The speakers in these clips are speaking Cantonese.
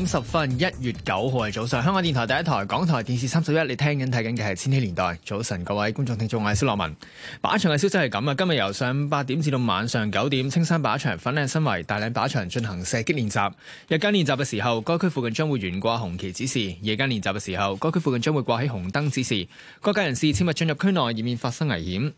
五十分，一月九號嘅早上，香港電台第一台，港台電視三十一，你聽緊睇緊嘅係《千禧年代》。早晨，各位觀眾聽眾，我係蕭樂文。靶場嘅消息係咁啊，今日由上午八點至到晚上九點，青山靶場粉嶺新圍大嶺靶場進行射擊練習。日間練習嘅時候，該區附近將會懸掛紅旗指示；夜間練習嘅時候，該區附近將會掛起紅燈指示。各界人士切勿進入區內，以免發生危險。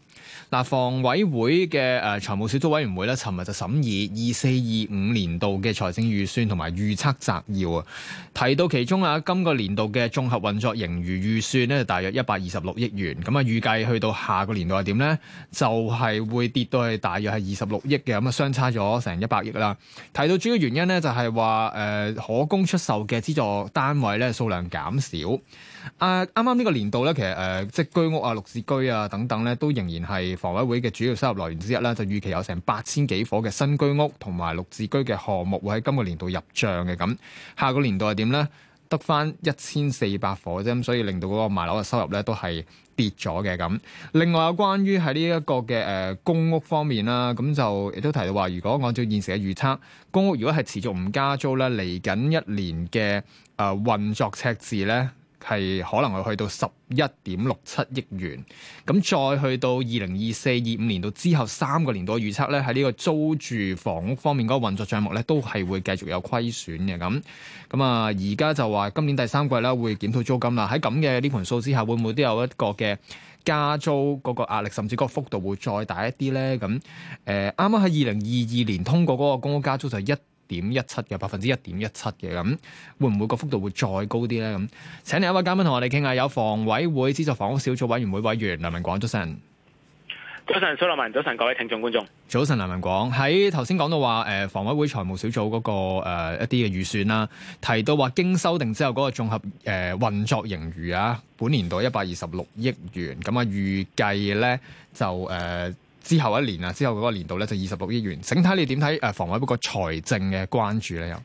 嗱，房委會嘅誒、呃、財務小組委員會咧，尋日就審議二四二五年度嘅財政預算同埋預測摘要啊。提到其中啊，今個年度嘅綜合運作盈餘預算咧，大約一百二十六億元。咁啊，預計去到下個年度係點咧？就係、是、會跌到係大約係二十六億嘅，咁啊，相差咗成一百億啦。提到主要原因咧，就係話誒可供出售嘅資助單位咧，數量減少。啊！啱啱呢個年度咧，其實、呃、即居屋啊、綠置居啊等等咧，都仍然係房委會嘅主要收入來源之一啦。就預期有成八千幾伙嘅新居屋同埋綠置居嘅項目會喺今個年度入帳嘅咁。下個年度係點咧？得翻一千四百伙啫，咁所以令到嗰個賣樓嘅收入咧都係跌咗嘅咁。另外於，有關於喺呢一個嘅公屋方面啦，咁就亦都提到話，如果按照現時嘅預測，公屋如果係持續唔加租咧，嚟緊一年嘅誒、呃、運作赤字咧。係可能係去到十一點六七億元，咁再去到二零二四、二五年到之後三個年度預測咧，喺呢個租住房屋方面嗰個運作帳目咧，都係會繼續有虧損嘅。咁咁啊，而家就話今年第三季啦會檢討租金啦。喺咁嘅呢盤數之下，會唔會都有一個嘅加租嗰個壓力，甚至個幅度會再大一啲咧？咁誒，啱啱喺二零二二年通過嗰個公屋加租就一點一七嘅，百分之一點一七嘅，咁，1> 1. 會唔會個幅度會再高啲呢？咁，請另一位嘉賓同我哋傾下，有房委會資助房屋小組委員會委員梁文廣。早晨，早晨，蘇立文早晨，各位聽眾觀眾早晨。梁文廣喺頭先講到話，誒、呃，房委會財務小組嗰，那個誒、呃、一啲嘅預算啦，提到話經修訂之後嗰個綜合誒運、呃、作盈餘啊，本年度一百二十六億元，咁啊，預計呢就誒。呃之後一年啊，之後嗰個年度咧就二十六億元。整體你點睇？誒房委嗰個財政嘅關注咧又？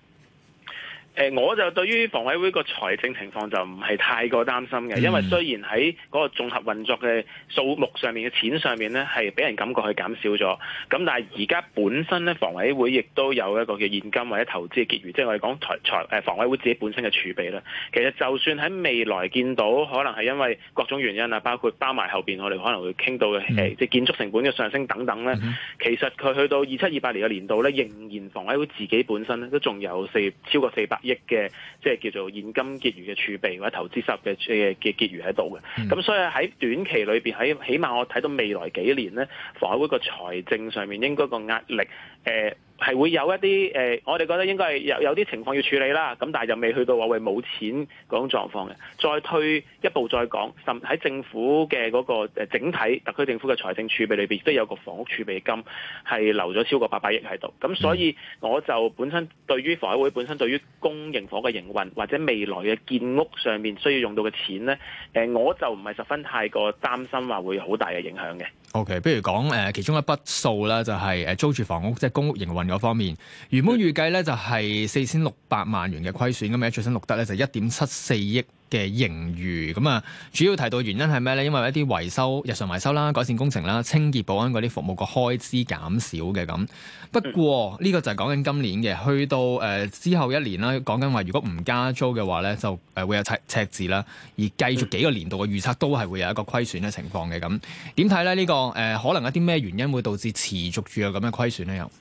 誒我就對於房委會個財政情況就唔係太過擔心嘅，因為雖然喺嗰個綜合運作嘅數目上面嘅錢上面呢，係俾人感覺佢減少咗，咁但係而家本身呢，房委會亦都有一個叫現金或者投資結餘，即係我哋講財財誒房委會自己本身嘅儲備啦。其實就算喺未來見到可能係因為各種原因啊，包括包埋後邊我哋可能會傾到嘅即係建築成本嘅上升等等呢。其實佢去到二七二八年嘅年度呢，仍然房委會自己本身咧都仲有四超過四百億嘅即係叫做現金結餘嘅儲備，或者投資收入嘅嘅結餘喺度嘅，咁、嗯、所以喺短期裏邊，喺起碼我睇到未來幾年咧，房委會個財政上面應該個壓力誒。呃係會有一啲誒、呃，我哋覺得應該係有有啲情況要處理啦。咁但係又未去到話會冇錢嗰種狀況嘅。再退一步再講，甚喺政府嘅嗰個整體特區政府嘅財政儲備裏邊亦都有個房屋儲備金係留咗超過八百億喺度。咁、嗯、所以我就本身對於房委會本身對於公營房嘅營運或者未來嘅建屋上面需要用到嘅錢咧、呃，我就唔係十分太過擔心話會好大嘅影響嘅。OK，不如講誒、呃、其中一筆數啦，就係、是、誒租住房屋即係公屋營運。方面，原本預計咧就係四千六百萬元嘅虧損，咁啊，最新錄得咧就一點七四億嘅盈餘。咁啊，主要提到原因係咩咧？因為一啲維修、日常維修啦、改善工程啦、清潔保安嗰啲服務個開支減少嘅咁。不過呢、嗯、個就係講緊今年嘅，去到誒、呃、之後一年啦，講緊話如果唔加租嘅話咧，就誒、呃、會有赤赤字啦。而繼續幾個年度嘅預測都係會有一個虧損嘅情況嘅。咁點睇咧？呢、這個誒、呃、可能一啲咩原因會導致持續住有咁嘅虧損咧？又？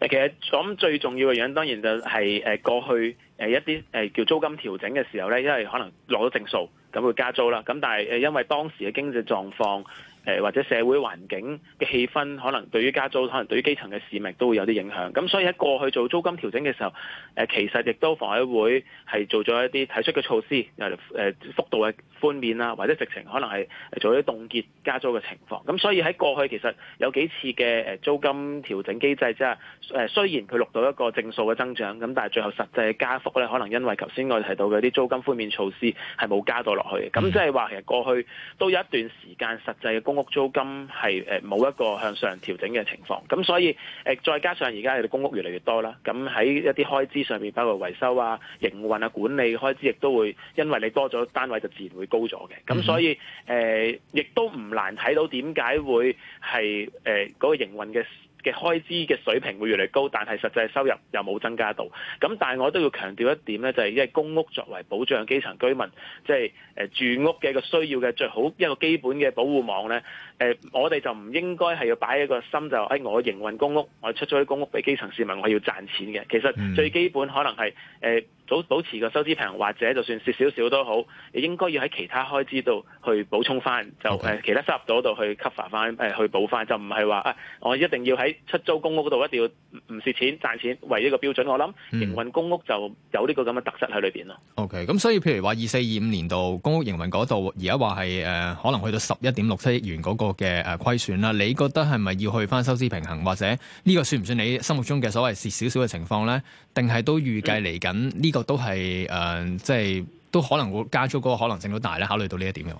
誒，其實我諗最重要嘅樣，當然就係誒過去一啲叫租金調整嘅時候咧，因為可能攞到正數，咁會加租啦。咁但係誒，因為當時嘅經濟狀況。誒或者社會環境嘅氣氛，可能對於加租，可能對於基層嘅市民都會有啲影響。咁所以喺過去做租金調整嘅時候，誒、呃、其實亦都房委會係做咗一啲體恤嘅措施，又嚟、呃、幅度嘅寬免啦，或者直情可能係做一啲凍結加租嘅情況。咁所以喺過去其實有幾次嘅誒租金調整機制之下，即係誒雖然佢錄到一個正數嘅增長，咁但係最後實際嘅加幅咧，可能因為頭先我哋提到嘅啲租金寬免措施係冇加到落去嘅。咁即係話其實過去都有一段時間實際嘅。公屋租金係誒冇一個向上調整嘅情況，咁所以誒再加上而家你哋公屋越嚟越多啦，咁喺一啲開支上面，包括維修啊、營運啊、管理開支，亦都會因為你多咗單位，就自然會高咗嘅。咁所以誒，亦，呃，都唔難睇到點解會係誒嗰個營運嘅嘅開支嘅水平會越嚟越高，但係實際收入又冇增加到。咁但係我都要強調一點呢，就係因為公屋作為保障基層居民即係誒住屋嘅一個需要嘅最好一個基本嘅保護網呢。誒、呃，我哋就唔應該係要擺一個心就係、是哎、我營運公屋，我出咗啲公屋俾基層市民，我要賺錢嘅。其實最基本可能係誒。呃保保持個收支平衡，或者就算蝕少少都好，你應該要喺其他開支度去補充翻，就誒其他收入度去 cover 翻，誒去補翻，就唔係話啊我一定要喺出租公屋度一定要唔唔蝕錢賺錢為一個標準。我諗營運公屋就有呢個咁嘅特色喺裏邊咯。O K，咁所以譬如話二四二五年度公屋營運嗰度，而家話係誒可能去到十一點六七億元嗰個嘅誒虧損啦，你覺得係咪要去翻收支平衡，或者呢個算唔算你心目中嘅所謂蝕少少嘅情況咧？定係都預計嚟緊呢個？都係誒、嗯，即係都可能會加租，嗰個可能性都大咧。考慮到呢一點嘅，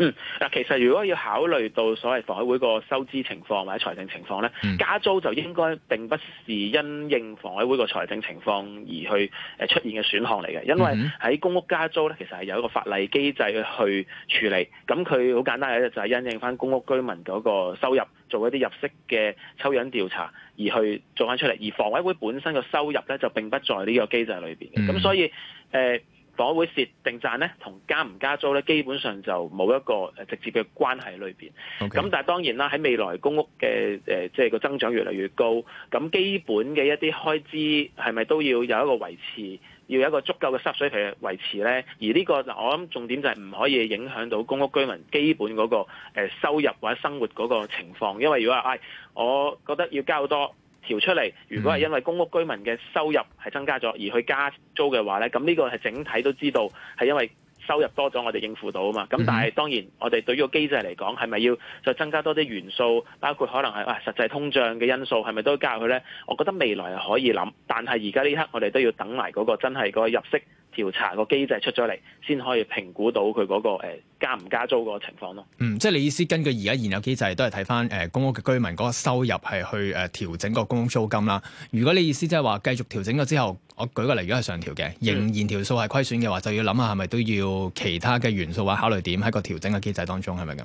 嗯嗱，其實如果要考慮到所謂房委會個收支情況或者財政情況咧，嗯、加租就應該並不是因應房委會個財政情況而去誒出現嘅選項嚟嘅，因為喺公屋加租咧，其實係有一個法例機制去處理，咁佢好簡單嘅就係因應翻公屋居民嗰個收入。做一啲入息嘅抽樣調查，而去做翻出嚟，而房委會本身嘅收入咧就並不在呢個機制裏邊嘅，咁所以誒、呃、房委會蝕定賺咧，同加唔加租咧，基本上就冇一個誒直接嘅關係裏邊。咁 Okay. 但係當然啦，喺未來公屋嘅即係個增長越嚟越高，咁基本嘅一啲開支係咪都要有一個維持？要有一個足夠嘅濕水平維持呢。而呢個我諗重點就係唔可以影響到公屋居民基本嗰個收入或者生活嗰個情況，因為如果唉、哎，我覺得要交多調出嚟，如果係因為公屋居民嘅收入係增加咗而去加租嘅話呢，咁呢個係整體都知道係因為。收入多咗，我哋應付到啊嘛。咁但係當然，我哋對於個機制嚟講，係咪要再增加多啲元素，包括可能係啊實際通脹嘅因素，係咪都加入去咧？我覺得未來係可以諗，但係而家呢刻我哋都要等埋嗰個真係嗰個入息調查個機制出咗嚟，先可以評估到佢嗰個誒加唔加租個情況咯。嗯，即係你意思根據而家現有機制，都係睇翻誒公屋嘅居民嗰個收入係去誒調整個公屋租金啦。如果你意思即係話繼續調整咗之後。我舉個例子，如果係上調嘅，仍然條數係虧損嘅話，嗯、就要諗下係咪都要其他嘅元素或考慮點喺個調整嘅機制當中係咪咁？誒、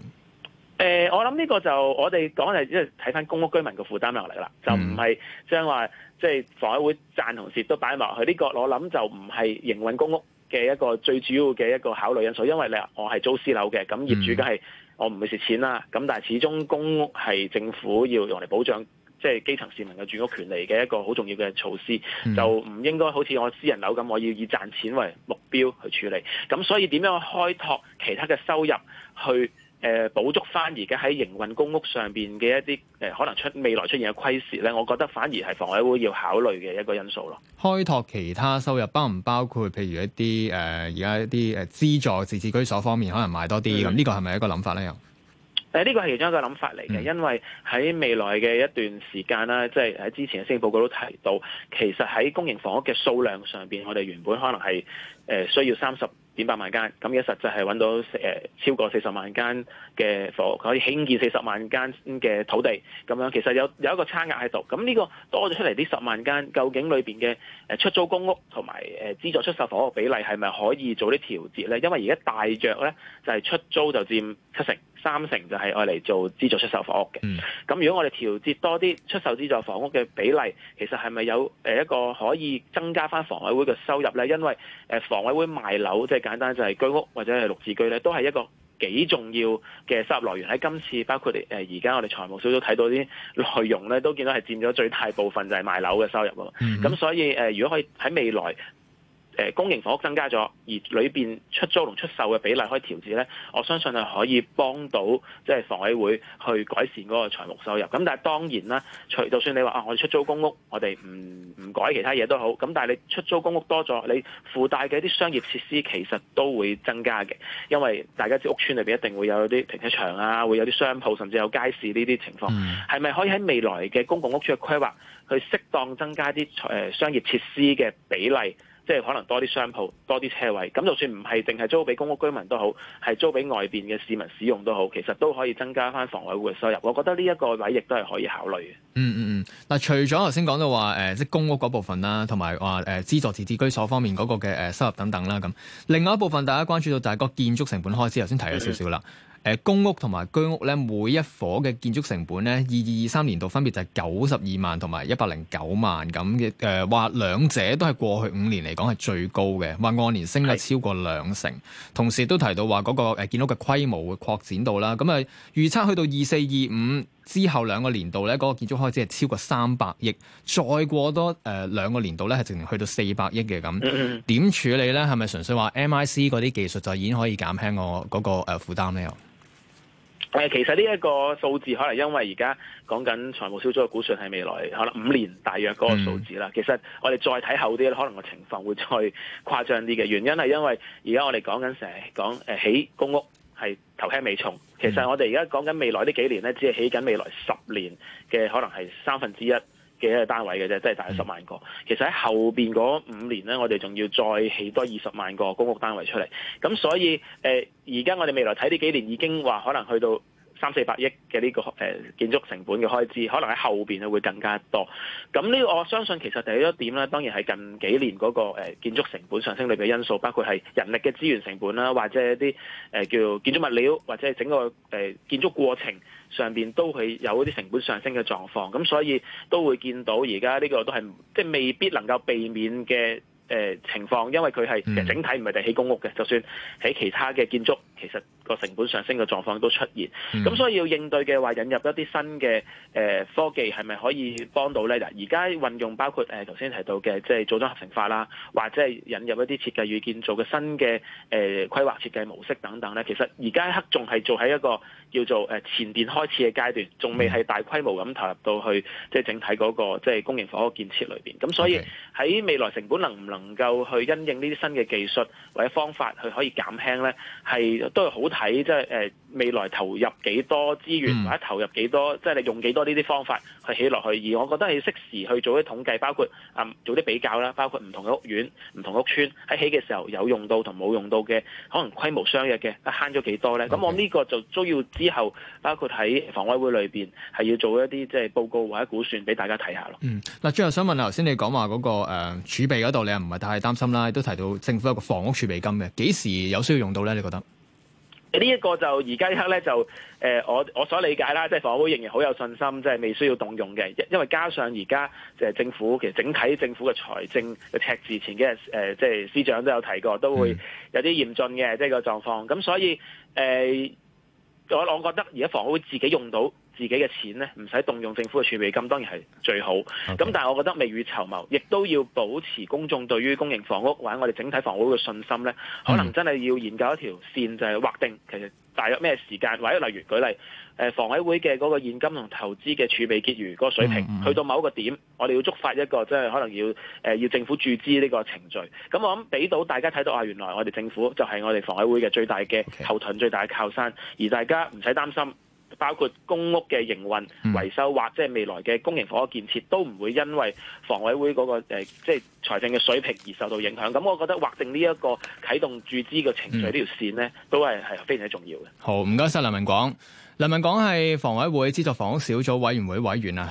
呃，我諗呢個就我哋講係因為睇翻公屋居民嘅負擔能力啦，就唔係將話即係房委會賺同蝕都擺埋落去。呢、呢個我諗就唔係營運公屋嘅一個最主要嘅一個考慮因素，因為你我係租私樓嘅，咁業主梗係我唔會蝕錢啦。咁但係始終公屋係政府要用嚟保障。即係基層市民嘅住屋權利嘅一個好重要嘅措施，就唔應該好似我私人樓咁，我要以賺錢為目標去處理。咁所以點樣開拓其他嘅收入去，去、呃、誒補足翻而家喺營運公屋上邊嘅一啲誒、呃、可能出未來出現嘅虧蝕咧？我覺得反而係房委會要考慮嘅一個因素咯。開拓其他收入，包唔包括譬如一啲誒而家一啲誒資助自置居所方面，可能賣多啲咁？呢的個係咪一個諗法咧？又？誒呢個係其中一個諗法嚟嘅，因為喺未來嘅一段時間啦，即係喺之前嘅聲明報告都提到，其實喺公營房屋嘅數量上邊，我哋原本可能係誒需要三十點八萬間，咁而實際係揾到誒超過四十萬間嘅房屋，可以興建四十萬間嘅土地，咁樣其實有有一個差額喺度。咁、這、呢個多咗出嚟呢十萬間，究竟裏邊嘅誒出租公屋同埋誒資助出售房屋比例係咪可以做啲調節咧？因為而家大約咧，就係出租就佔七成。三成就係愛嚟做資助出售房屋嘅，咁如果我哋調節多啲出售資助房屋嘅比例，其實係咪有誒一個可以增加返房委會嘅收入呢？因為誒房委會賣樓，即係簡單就係居屋或者係綠置居都係一個幾重要嘅收入來源。喺今次包括誒而家我哋財務小組睇到啲內容呢都見到係佔咗最大部分就係賣樓嘅收入啊。咁所以誒如果可以喺未來。誒公營房屋增加咗，而裏面出租同出售嘅比例可以調節咧，我相信係可以幫到即係房委會去改善嗰個財務收入。咁但係當然啦，除就算你話啊，我哋出租公屋，我哋唔唔改其他嘢都好。咁但係你出租公屋多咗，你附帶嘅啲商業設施其實都會增加嘅，因為大家知屋邨裏面一定會有啲停車場啊，會有啲商鋪，甚至有街市呢啲情況。係咪、mm. 可以喺未來嘅公共屋邨嘅規劃去適當增加啲誒商業設施嘅比例？即係可能多啲商鋪、多啲車位，咁就算唔係淨係租俾公屋居民都好，係租俾外邊嘅市民使用都好，其實都可以增加翻房委會嘅收入。我覺得呢一個位亦都係可以考慮嘅、嗯。嗯嗯嗯，嗱，除咗頭先講到話誒，即係公屋嗰部分啦，同埋話誒資助自置居所方面嗰個嘅誒收入等等啦，咁另外一部分大家關注到大係個建築成本開支，頭先提咗少少啦。嗯誒公屋同埋居屋咧，每一伙嘅建築成本咧，二二二三年度分別就係九十二萬同埋一百零九萬咁嘅。誒、呃、話兩者都係過去五年嚟講係最高嘅，話按年升率超過兩成。是同時都提到話嗰個建築嘅規模會擴展到啦。咁、嗯、啊、呃、預測去到二四二五之後兩個年度咧，嗰、那個建築開支係超過三百億，再過多誒、呃、兩個年度咧係直情去到四百億嘅咁。點處理咧？係咪純粹話 MIC 嗰啲技術就已經可以減輕我嗰、那個誒、呃、負擔咧？誒、呃，其實呢一個數字，可能因為而家講緊財務小組嘅估算係未來可能五年，大約嗰個數字啦。嗯、其實我哋再睇後啲可能個情況會再誇張啲嘅。原因係因為而家我哋講緊成日講誒起公屋係頭輕尾重，嗯、其實我哋而家講緊未來呢幾年咧，只係起緊未來十年嘅可能係三分之一。幾個單位嘅啫，即係大約十萬個。其實喺後邊嗰五年咧，我哋仲要再起多二十萬個公屋單位出嚟。咁所以，誒、呃，而家我哋未來睇呢幾年已經話可能去到。三四百億嘅呢個建築成本嘅開支，可能喺後面咧會更加多。咁呢，我相信其實第一點咧，當然係近幾年嗰個建築成本上升裏邊嘅因素，包括係人力嘅資源成本啦，或者一啲、呃、叫建築物料，或者係整個、呃、建築過程上面都係有啲成本上升嘅狀況。咁所以都會見到而家呢個都係即係未必能夠避免嘅、呃、情況，因為佢係整體唔係地起公屋嘅，就算喺其他嘅建築，其實，個成本上升嘅狀況都出現，咁所以要應對嘅話，引入一啲新嘅、呃、科技係咪可以幫到咧？嗱，而家運用包括誒頭先提到嘅，即係組裝合成法啦，或者係引入一啲設計與建造嘅新嘅誒、呃、規劃設計模式等等咧。其實而家一刻仲係做喺一個叫做前邊開始嘅階段，仲未係大規模咁投入到去即係整體嗰、那個即係公營房屋建設裏面。咁所以喺未來成本能唔能夠去因應呢啲新嘅技術或者方法去可以減輕咧，係都係好。睇即係誒未來投入幾多資源，嗯、或者投入幾多即係你用幾多呢啲方法去起落去。而我覺得要適時去做啲統計，包括啊、嗯、做啲比較啦，包括唔同嘅屋苑、唔同嘅屋村喺起嘅時候有用到同冇用到嘅，可能規模相若嘅，慳咗幾多咧？咁 Okay. 我呢個就都要之後包括喺房委會裏邊係要做一啲即係報告或者估算俾大家睇下咯。嗯，嗱，最後想問下頭先你講話嗰個誒、呃、儲備嗰度，你又唔係太擔心啦，都提到政府有一個房屋儲備金嘅，幾時有需要用到咧？你覺得？呢一個就而家一刻咧就誒，我我所理解啦，即係房委會仍然好有信心，即係未需要動用嘅，因因為加上而家即係政府其實整體政府嘅財政嘅赤字，前幾日誒即係司長都有提過，都會有啲嚴峻嘅即係個狀況，咁所以誒我我覺得而家房委會自己用到。自己嘅錢呢唔使動用政府嘅儲備金，當然係最好。咁 Okay. 但係我覺得未雨綢繆，亦都要保持公眾對於公營房屋或者我哋整體房屋嘅信心呢，可能真係要研究一條線，就係、是、劃定其實大約咩時間，或者例如舉例，房委會嘅嗰個現金同投資嘅儲備結餘嗰個水平，mm hmm. 去到某一個點，我哋要觸發一個即係、就是、可能要、呃、要政府注資呢個程序。咁我諗俾到大家睇到啊，原來我哋政府就係我哋房委會嘅最大嘅後盾、Okay. 最大嘅靠山，而大家唔使擔心。包括公屋嘅營運維修或者未來嘅公營房屋建設都唔會因為房委會嗰個誒即係財政嘅水平而受到影響，咁我覺得劃定呢一個啟動注資嘅程序呢條線咧，都係係非常之重要嘅。好，唔該晒，梁文廣梁文廣係房委會資助房屋小組委員會委員啊。